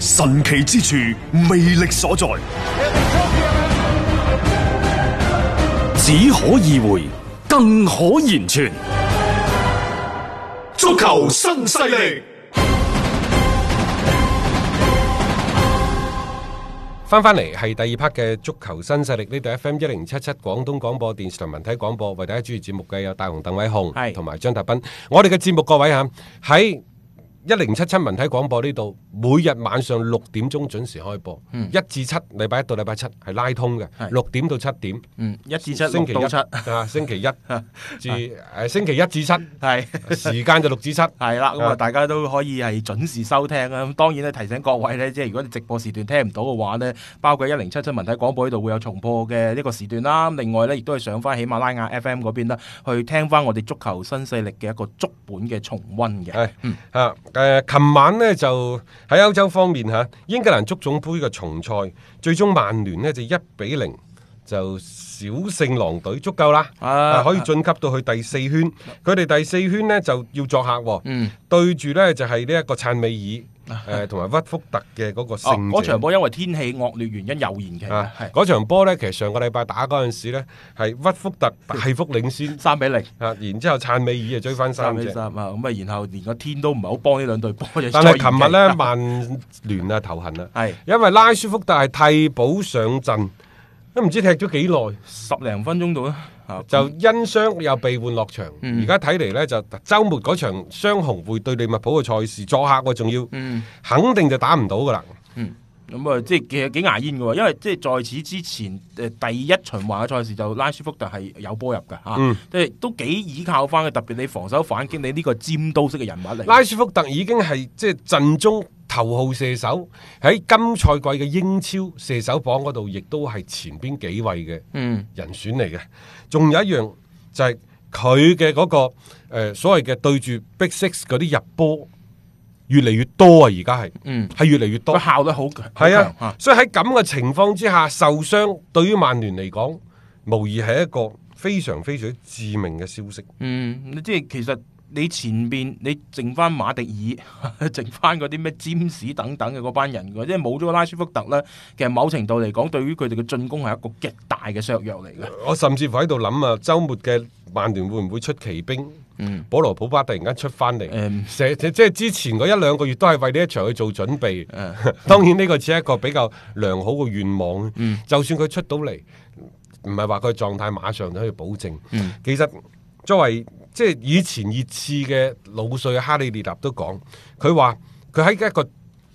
神奇之處，魅力所在，只可意會更可言傳。足球新勢力，翻翻嚟係第二 part 嘅足球新勢力，呢度 F M 一零七七廣東廣播電視台文體廣播，為大家主持節目嘅有大雄鄧偉雄，同埋是張達斌，我哋嘅節目各位吓喺。在一零七七文體廣播呢度，每日晚上六點鐘準時開播，一至七禮拜一到禮拜七係拉通嘅，六點到七點，一至七星期一啊，星期一至誒星期一至七，係時間就六至七，係啦，咁啊大家都可以係準時收聽啊。咁當然咧提醒各位咧，即係如果你直播時段聽唔到嘅話咧，包括一零七七文體廣播呢度會有重播嘅呢個時段啦。另外咧亦都係上翻喜馬拉雅 FM 嗰邊啦，去聽翻我哋足球新勢力嘅一個足本嘅重溫嘅，嗯啊。誒，琴、呃、晚呢就喺歐洲方面嚇英格蘭足總杯嘅重賽，最終曼聯呢就一比零就小勝狼隊，足夠啦，啊呃、可以晉級到去第四圈。佢哋、啊、第四圈呢就要作客、哦，嗯、對住呢就係呢一個燦美爾。誒同埋屈福特嘅嗰個勝者，嗰、哦那個、場波因為天氣惡劣原因有延期。啊，係嗰是場波咧，其實上個禮拜打嗰陣時咧，係屈福特大幅領先三 比零。啊，然之後撐尾爾就追翻三 三比三啊，咁啊，然後連個天都唔係好幫呢兩隊波嘅。但係琴日咧，曼聯啊頭痕啦。係是因為拉舒福特係替補上陣。都唔知踢咗幾耐，十零分鐘度啦，就因傷又被換落場。而家睇嚟咧，就周末嗰場雙紅會對利物浦嘅賽事作客，我仲要，嗯、肯定就打唔到噶啦。咁啊、嗯，即係幾幾牙煙嘅，因為即係在此之前誒，第一循環嘅賽事就拉舒福特係有波入噶吓，即、嗯、係、嗯、都幾依靠翻嘅。特別你防守反擊，你呢個尖刀式嘅人物嚟，拉舒福特已經係即係陣中。嗯頭號射手喺今賽季嘅英超射手榜嗰度，亦都係前邊幾位嘅人選嚟嘅。仲、嗯、有一樣就係佢嘅嗰個、呃、所謂嘅對住 Big Six 嗰啲入波越嚟越多啊！而家係，係、嗯、越嚟越多。效得好，係啊！所以喺咁嘅情況之下，受傷對於曼聯嚟講，無疑係一個非常非常之致命嘅消息。嗯，你即係其實。你前面你剩翻馬迪爾，剩翻嗰啲咩詹士等等嘅嗰班人，即係冇咗個拉舒福特呢。其實某程度嚟講，對於佢哋嘅進攻係一個極大嘅削弱嚟嘅。我甚至乎喺度諗啊，周末嘅曼聯會唔會出奇兵？嗯、保羅普巴突然間出翻嚟，嗯、即係之前嗰一兩個月都係為呢一場去做準備。嗯、當然呢個只係一個比較良好嘅願望。嗯、就算佢出到嚟，唔係話佢狀態馬上就可以保證。嗯、其實。作為即係以前熱刺嘅老帥哈利列納都講，佢話佢喺一個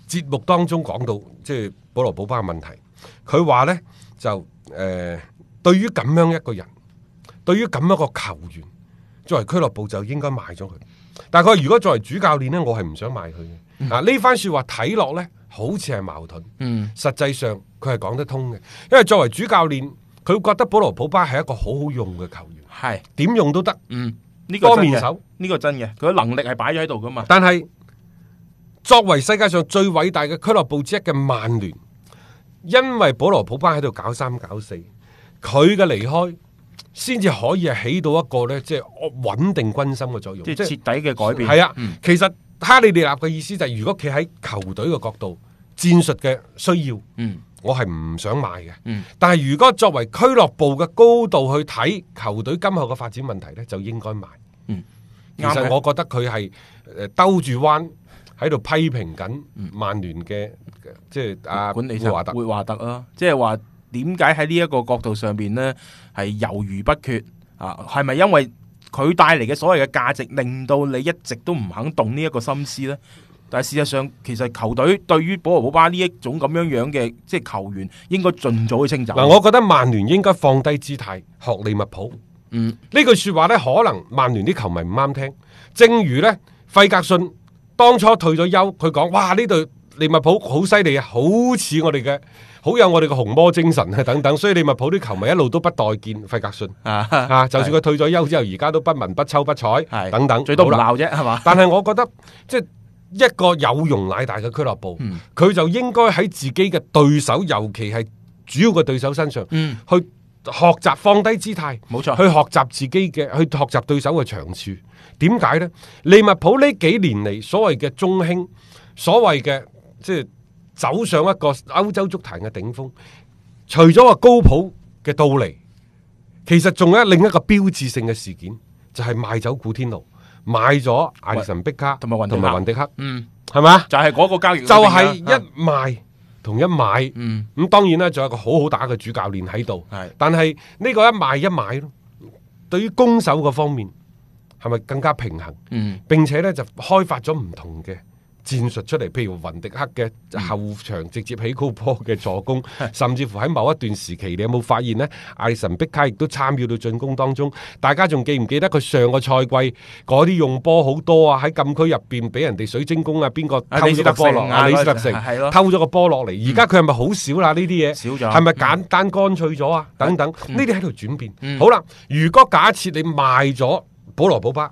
節目當中講到，即係保羅保巴嘅問題。佢話呢，就誒、呃，對於咁樣一個人，對於咁樣一個球員，作為俱樂部就應該賣咗佢。但係佢如果作為主教練呢，我係唔想賣佢嘅。嗯、啊，呢番説話睇落呢，好似係矛盾，嗯、實際上佢係講得通嘅，因為作為主教練。佢覺得保羅普巴係一個好好用嘅球員，係點是用都得。嗯，呢、這個是真的雙面手，呢個真嘅。佢嘅能力係擺咗喺度噶嘛。但係作為世界上最偉大嘅俱樂部之一嘅曼聯，因為保羅普巴喺度搞三搞四，佢嘅離開先至可以係起到一個咧，即係穩定軍心嘅作用，即係徹底嘅改變。係、就是嗯、啊，其實哈利迪亞嘅意思就係、是，如果企喺球隊嘅角度、戰術嘅需要，嗯。我係唔想買嘅，但係如果作為俱樂部嘅高度去睇球隊今後嘅發展問題呢，就應該買。嗯、其實我覺得佢係兜住彎喺度批評緊曼聯嘅，即係阿霍華特霍華特啦，即係話點解喺呢一個角度上邊呢，係猶豫不決啊？係咪因為佢帶嚟嘅所謂嘅價值令到你一直都唔肯動呢一個心思呢？但事實上，其實球隊對於保羅·普巴呢一種咁樣樣嘅即係球員，應該盡早去清走。嗱，我覺得曼聯應該放低姿態學利物浦。嗯，呢句説話咧，可能曼聯啲球迷唔啱聽。正如咧，費格遜當初退咗休，佢講：哇！呢隊利物浦好犀利啊，好似我哋嘅好有我哋嘅紅魔精神啊等等。所以利物浦啲球迷一路都不待見費格遜啊啊！就算佢退咗休之後，而家的都不聞不抽不睬的等等。最多鬧啫，係嘛？但係我覺得即係。一個有容乃大嘅俱樂部，佢就應該喺自己嘅對手，尤其係主要嘅對手身上，嗯，去學習放低姿態，冇錯，去學習自己嘅，去學習對手嘅長處。點解呢？利物浦呢幾年嚟，所謂嘅中興，所謂嘅即係走上一個歐洲足壇嘅頂峰，除咗個高普嘅到嚟，其實仲有另一個標誌性嘅事件，就係賣走古天奴。買咗艾神、碧卡同埋雲迪克，迪克嗯，係咪吧就係嗰個交易的、啊，就係一賣同一買，嗯，咁、嗯、當然咧，仲有一個好好打嘅主教練喺度，係是，但係呢個一賣一買咯，對於攻守個方面係咪更加平衡？嗯，並且咧就開發咗唔同嘅。戰術出嚟，譬如雲迪克嘅後場直接起高波嘅助攻，嗯、甚至乎喺某一段時期，你有冇發現呢？艾神碧卡亦都參與到進攻當中。大家仲記唔記得佢上個賽季嗰啲用波好多啊？喺禁區入邊俾人哋水晶宮啊，邊個偷咗個波落？李斯特城係咯，偷咗個波落嚟。而家佢係咪好少啦了？呢啲嘢少咗，係咪簡單乾脆咗啊？嗯、等等，呢啲喺度轉變。嗯、好啦，如果假設你賣咗保羅保巴，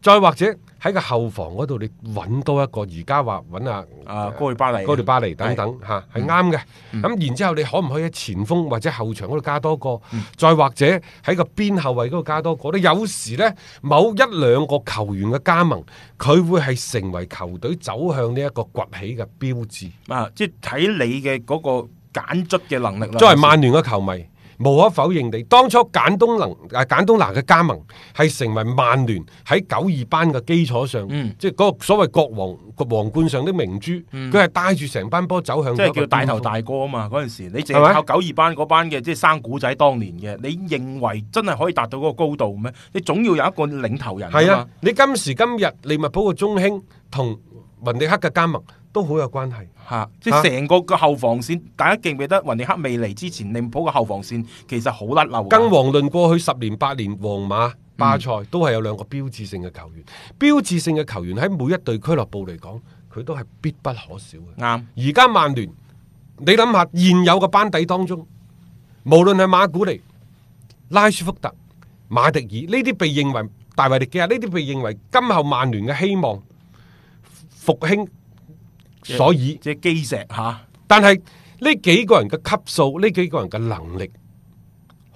再或者。喺個後防嗰度，你揾多一個，而家話揾阿阿高尼巴利、高尼巴利等等嚇，係啱嘅。咁、嗯、然之後，你可唔可以喺前鋒或者後場嗰度加多個？嗯、再或者喺個邊後衛嗰度加多個？你有時咧某一兩個球員嘅加盟，佢會係成為球隊走向呢一個崛起嘅標誌。啊，即係睇你嘅嗰個揀卒嘅能力啦。作為曼聯嘅球迷。無可否認地，當初簡東能、簡東拿嘅加盟係成為曼聯喺九二班嘅基礎上，嗯、即係嗰個所謂國王個皇冠上的明珠。佢係、嗯、帶住成班波走向。即係叫大頭大哥啊嘛！嗰陣時你淨係靠九二班嗰班嘅即係生古仔，當年嘅吧你認為真係可以達到嗰個高度咩？你總要有一個領頭人。係啊！你今時今日利物浦嘅中興同雲迪克嘅加盟，都好有關係，吓即係成個個後防線，大家記唔記得維尼克未嚟之前，利物浦個後防線其實好甩漏。跟王論過去十年八年，皇馬、巴塞，嗯、都係有兩個標誌性嘅球員，標誌性嘅球員喺每一隊俱樂部嚟講，佢都係必不可少嘅。啱，啊，而家曼聯，你諗下現有嘅班底當中，無論係馬古尼、拉舒福特、馬迪爾呢啲被認為大衛迪基，啊，呢啲被認為今後曼聯嘅希望復興。所以即係基石吓，但係呢幾個人嘅級數，呢幾個人嘅能力，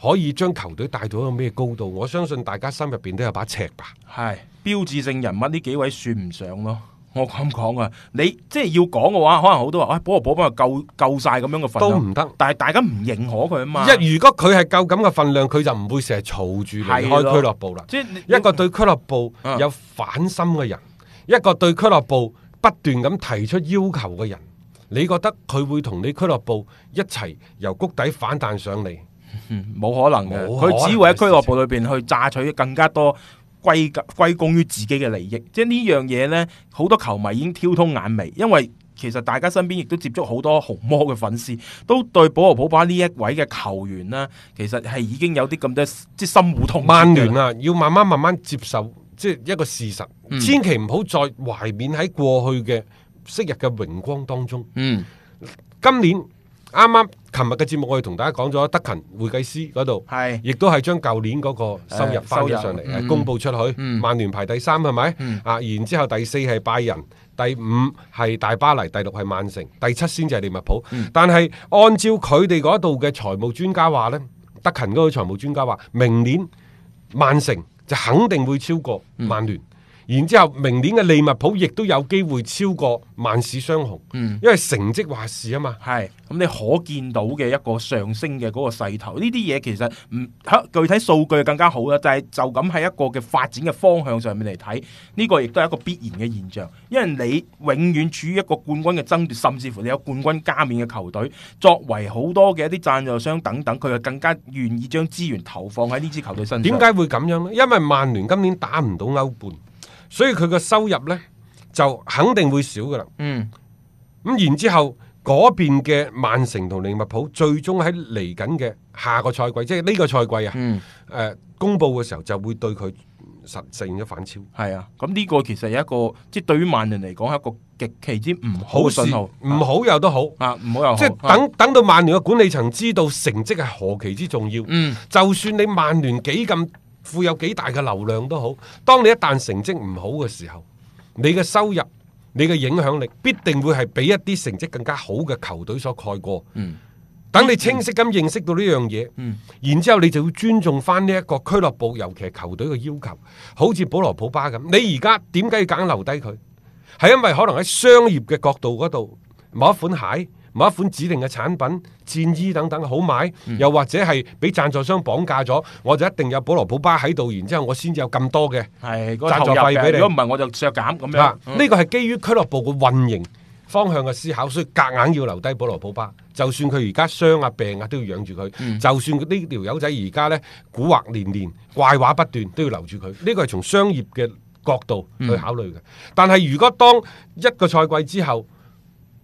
可以將球隊帶到一個咩高度？我相信大家心入邊都有把尺吧。係唉標誌性人物呢幾位算唔上咯。我咁講啊，你即係要講嘅話，可能好多話，哎，保羅波波夠夠晒，咁樣嘅分量，都唔得。但係大家唔認可佢啊嘛。一如果佢係夠咁嘅份量，佢就唔會成日嘈住離開俱樂部啦。即係咯一個對俱樂部有反心嘅人，、嗯、人，一個對俱樂部。不斷咁提出要求嘅人，你覺得佢會同你俱樂部一齊由谷底反彈上嚟？嗯、冇可能嘅，佢只會喺俱樂部裏邊去榨取更加多歸歸功於自己嘅利益。即係呢樣嘢呢，好多球迷已經挑通眼眉，因為其實大家身邊亦都接觸好多紅魔嘅粉絲，都對保羅·普巴呢一位嘅球員呢，其實係已經有啲咁多即係心互通。曼聯啊，要慢慢慢慢接受。即係一個事實，千祈唔好再懷緬喺過去嘅昔日嘅榮光當中。嗯，今年啱啱琴日嘅節目，我哋同大家講咗德勤會計師嗰度，係亦都係將舊年嗰個收入翻起上嚟，公布出去。曼聯排第三係咪？啊，然之後第四係拜仁，第五係大巴黎，第六係曼城，第七先至係利物浦。但係按照佢哋嗰度嘅財務專家話咧，德勤嗰個財務專家話，明年曼城。肯定會超過曼聯。然之後，明年嘅利物浦亦都有機會超過曼市雙雄，嗯、因為成績話事啊嘛。係咁，你可見到嘅一個上升嘅嗰個勢頭，呢啲嘢其實唔，具體數據更加好啦。就係、是、就咁喺一個嘅發展嘅方向上面嚟睇，呢個亦都係一個必然嘅現象。因為你永遠處於一個冠軍嘅爭奪，甚至乎你有冠軍加冕嘅球隊，作為好多嘅一啲贊助商等等，佢就更加願意將資源投放喺呢支球隊身上。點解會咁樣呢？因為曼聯今年打唔到歐冠。所以佢嘅收入呢，就肯定會少噶啦。嗯，咁然之後嗰邊嘅曼城同利物浦最終喺嚟緊嘅下個賽季，即係呢個賽季啊。誒、嗯呃，公布嘅時候就會對佢實、實現咗反超。係啊，咁呢個其實有一個，即、就、係、是、對於曼聯嚟講係一個極其之唔好嘅信號。唔好又都好啊，唔、啊、好又即係等、啊、等到曼聯嘅管理層知道成績係何其之重要。嗯，就算你曼聯幾咁。富有幾大嘅流量都好，當你一旦成績唔好嘅時候，你嘅收入、你嘅影響力必定會係俾一啲成績更加好嘅球隊所蓋過。嗯，等你清晰咁認識到呢樣嘢，嗯，然之後你就要尊重翻呢一個俱樂部，尤其係球隊嘅要求。好似保羅普巴咁，你而家點解要揀留低佢？係因為可能喺商業嘅角度嗰度，某一款鞋。某一款指定嘅產品戰衣等等好買，又或者係俾贊助商綁架咗，嗯、我就一定有保羅普巴喺度，然之後我先至有咁多嘅。係，贊助費俾你。如果唔係，那個、我就削減咁樣。呢、嗯啊呢個係基於俱樂部嘅運營方向嘅思考，所以隔硬要留低保羅普巴。就算佢而家傷啊病啊都要養住佢。嗯、就算現在呢條友仔而家呢古惑連連、怪話不斷，都要留住佢。呢、呢個係從商業嘅角度去考慮嘅。嗯、但係如果當一個賽季之後，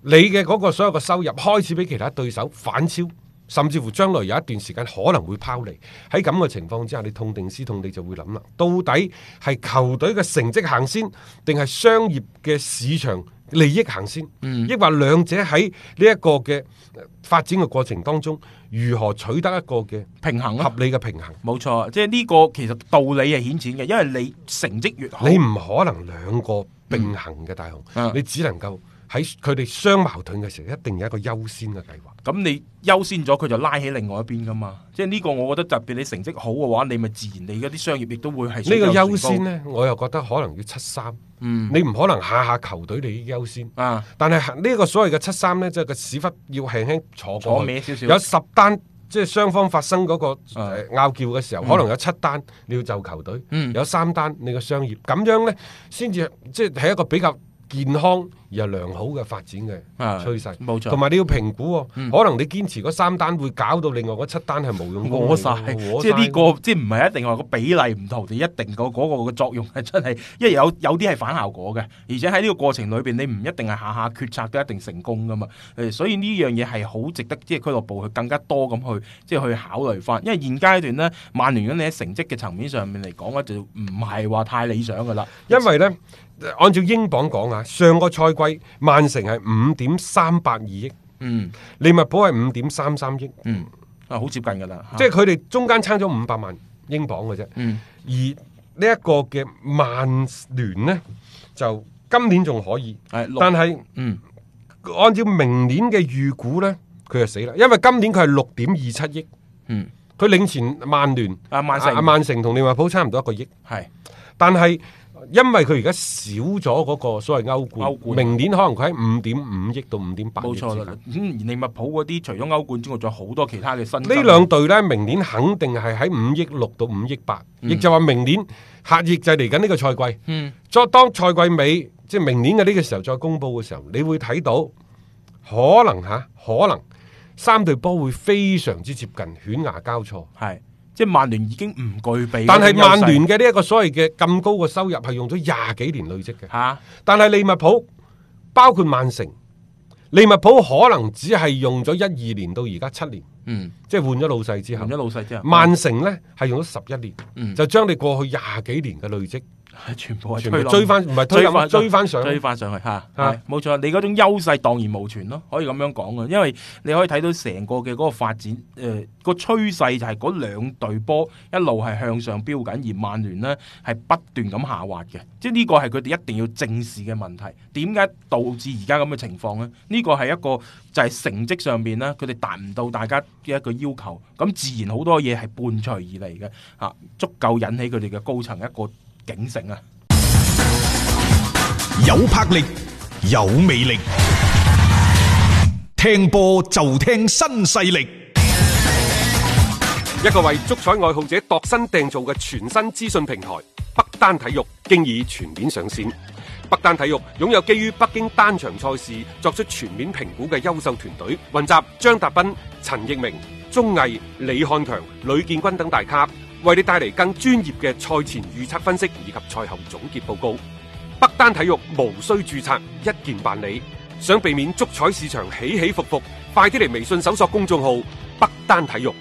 你嘅嗰個所有嘅收入開始俾其他對手反超，甚至乎將來有一段時間可能會拋離。喺咁嘅情況之下，你痛定思痛，你就會諗啦：到底係球隊嘅成績行先，定係商業嘅市場利益行先？抑、嗯、或兩者喺呢一個嘅發展嘅過程當中，如何取得一個嘅平衡、合理嘅平衡，啊。冇錯，即係呢個其實道理係顯淺嘅，因為你成績越好，你唔可能兩個並行嘅大雄，嗯、你只能夠。喺佢哋相矛盾嘅時候，一定有一個優先嘅計劃。咁你優先咗，佢就拉起另外一邊㗎嘛。即係呢個，我覺得特別你成績好嘅話，你咪自然你嗰啲商業亦都會係。呢個優先咧，我又覺得可能要七三。嗯、你唔可能下下球隊你優先。啊。但係呢個所謂嘅七三咧，即係個屎忽要輕輕坐過。坐小小有十單，即係雙方發生嗰個、啊、呃、拗撬嘅時候，嗯、可能有七單你要就球隊，嗯、有三單你嘅商業。咁樣咧，先至即係係一個比較健康。有良好嘅發展嘅趨勢，冇錯。同埋你要評估喎，可能你堅持嗰三單會搞到另外嗰七單係冇用功。我曬，即係呢個，即係唔係一定話個比例唔同，就一定個嗰個嘅作用係真係，因為有有啲係反效果嘅。而且喺呢個過程裏邊，你唔一定係下下決策都一定成功噶嘛。所以呢樣嘢係好值得，即係俱樂部去更加多咁去，即係去考慮翻。因為現階段咧，曼聯如果你喺成績嘅層面上面嚟講咧，就唔係話太理想噶啦。因為咧，按照英榜講啊，上個賽。貴，曼城係五點三八二億，嗯，利物浦係五點三三億，嗯，啊，好接近噶啦，即係佢哋中間差咗五百萬英鎊嘅啫，嗯，而呢一個嘅曼聯呢，就今年仲可以，哎、6, 但係是，嗯，按照明年嘅預估呢，佢就死啦，因為今年佢係六點二七億，嗯，佢領前曼聯，啊，啊，曼城，啊，曼城同利物浦差唔多一個億，係是，但係。因為佢而家少咗嗰個所謂歐冠，冠，明年可能佢喺五點五億到五點八億之間。冇錯，嗯，而利物浦嗰啲除咗歐冠之外，仲有好多其他嘅新。呢兩隊呢，明年肯定係喺五億六到五億八，亦就話明年客亦就嚟緊呢個賽季。嗯，再當賽季尾，即係明年嘅呢個時候再公布嘅時候，你會睇到可能吓，可能三隊波會非常之接近，犬牙交錯。係。即係曼聯已經唔具備的，但係曼聯嘅呢一個所謂嘅咁高嘅收入係用咗廿幾年累積嘅。吓、啊，但係利物浦包括曼城，利物浦可能只係用咗一二年到而家七年。嗯，即係換咗老細之後，換咗老細之後，嗯、曼城咧係用咗十一年，就將你過去廿幾年嘅累積。全部係推落，追翻唔係推翻，追翻上，去，追翻上去吓，冇錯、啊，你嗰種優勢蕩然無存咯，可以咁樣講嘅，因為你可以睇到成個嘅嗰個發展，誒個趨勢就係嗰兩隊波一路係向上飆緊，而曼聯呢係不斷咁下滑嘅，即係呢個係佢哋一定要正視嘅問題。點解導致而家咁嘅情況呢？呢、這個係一個就係成績上邊呢，佢哋達唔到大家嘅一個要求，咁自然好多嘢係伴隨而嚟嘅，吓、啊、足夠引起佢哋嘅高層一個。警醒啊！有魄力，有魅力，聽波就聽新勢力。一個為足彩愛好者度身訂造嘅全新資訊平台——北單體育，經已全面上線。北單體育擁有基於北京單場賽事作出全面評估嘅優秀團隊，雲集張達斌、陳奕明、鐘毅、李漢強、呂建軍等大咖。為你帶嚟更專業嘅賽前預測分析以及賽後總結報告。北單體育無需註冊，一鍵辦理。想避免足彩市場起起伏伏，快啲嚟微信搜索公眾號北單體育。